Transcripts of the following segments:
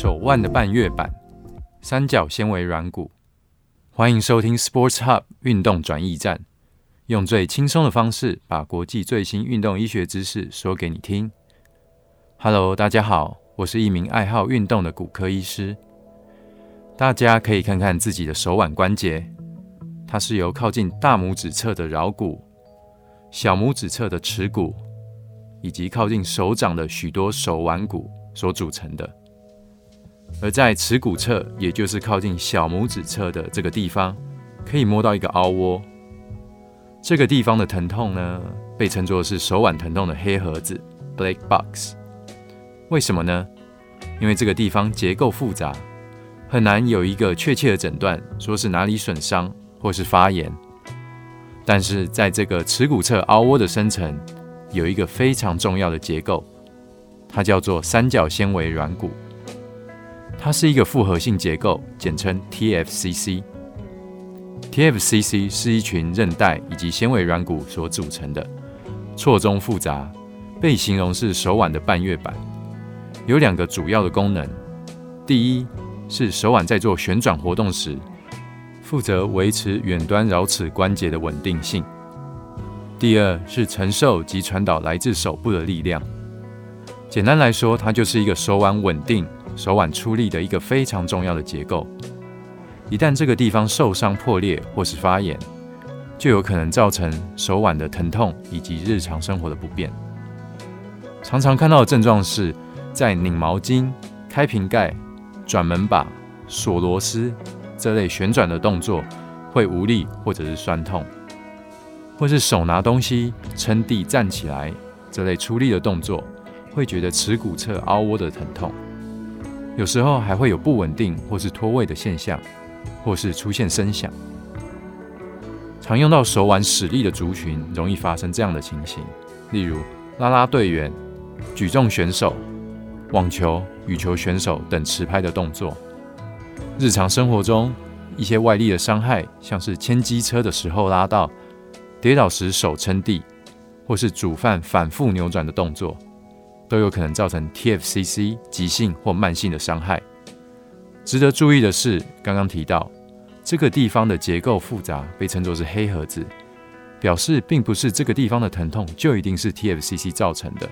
手腕的半月板、三角纖維軟骨。歡迎收聽 Sports Hub 運動轉驛站，用最輕鬆的方式把國際最新運動醫學知識說給你聽。哈囉，大家好，我是一名愛好運動的骨科醫師。大家可以看看自己的手腕關節，它是由靠近大拇指側的橈骨、小拇指側的尺骨，以及靠近手掌的許多手腕骨所組成的。而在尺骨側，也就是靠近小拇指側的這個地方，可以摸到一個凹窩。這個地方的疼痛呢，被稱作是手腕疼痛的黑盒子 （black box）。為什麼呢？因為這個地方結構複雜，很難有一個確切的診斷，說是哪裡損傷或是發炎。但是在這個尺骨側凹窩的深層，有一個非常重要的結構，它叫做三角纖維軟骨。它是一個複合性結構，簡稱 TFCC。TFCC 是一群韌帶以及纖維軟骨所組成的，錯綜複雜，被形容是手腕的半月板。有兩個主要的功能：第一，是手腕在做旋轉活動時，負責維持遠端橈尺關節的穩定性；第二，是承受及傳導來自手部的力量。簡單來說，它就是一個手腕穩定。手腕出力的一個非常重要的結構，一旦這個地方受傷破裂或是發炎，就有可能造成手腕的疼痛以及日常生活的不便。常常看到的症狀是，在擰毛巾、開瓶蓋、轉門把、鎖螺絲這類旋轉的動作會無力或者是酸痛，或是手拿東西、撐地站起來這類出力的動作，會覺得尺骨側凹窩的疼痛。有時候還會有不穩定或是脫位的現象，或是出現聲響。常用到手腕使力的族群容易發生這樣的情形，例如拉拉隊員、舉重選手、網球、羽球選手等持拍的動作。日常生活中，一些外力的傷害，像是牽機車的時候拉到、跌倒時手撐地，或是煮飯反覆扭轉的動作。都有可能造成 TFCC 急性或慢性的傷害。值得注意的是，剛剛提到這個地方的結構複雜，被稱作是“黑盒子”，表示並不是這個地方的疼痛就一定是 TFCC 造成的。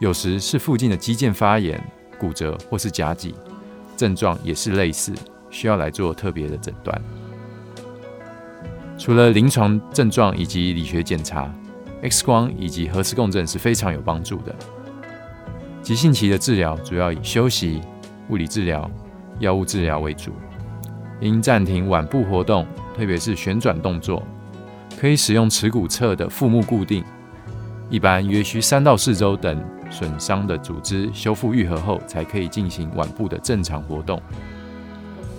有時是附近的肌腱發炎、骨折或是夾擠，症狀也是類似，需要來做特別的診斷。除了臨床症狀以及理學檢查，X 光以及核磁共振是非常有幫助的。急性期的治療主要以休息、物理治療、藥物治療為主，應暫停腕部活動，特別是旋轉動作，可以使用尺骨側的副木固定，一般約需三到四周等損傷的組織修復愈合後，才可以進行腕部的正常活動。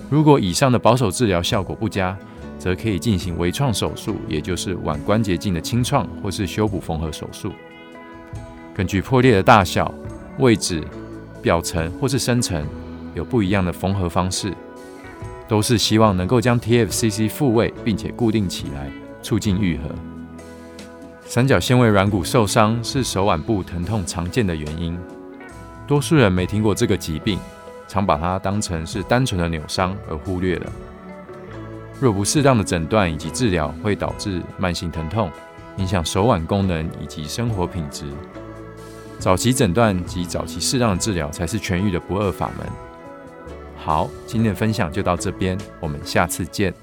如果以上的保守治療效果不佳，則可以進行微創手術，也就是腕關節鏡的清創或是修補縫合手術，根據破裂的大小。位置、表層或是深層有不一樣的縫合方式，都是希望能夠將 TFCC 復位並且固定起來，促進癒合。三角纖維軟骨受傷是手腕部疼痛常見的原因，多數人沒聽過這個疾病，常把它當成是單純的扭傷而忽略了。若不適當的診斷以及治療，會導致慢性疼痛，影響手腕功能以及生活品質。早期診斷及早期適當治療才是痊癒的不二法門。好，今天的分享就到這邊，我們下次見。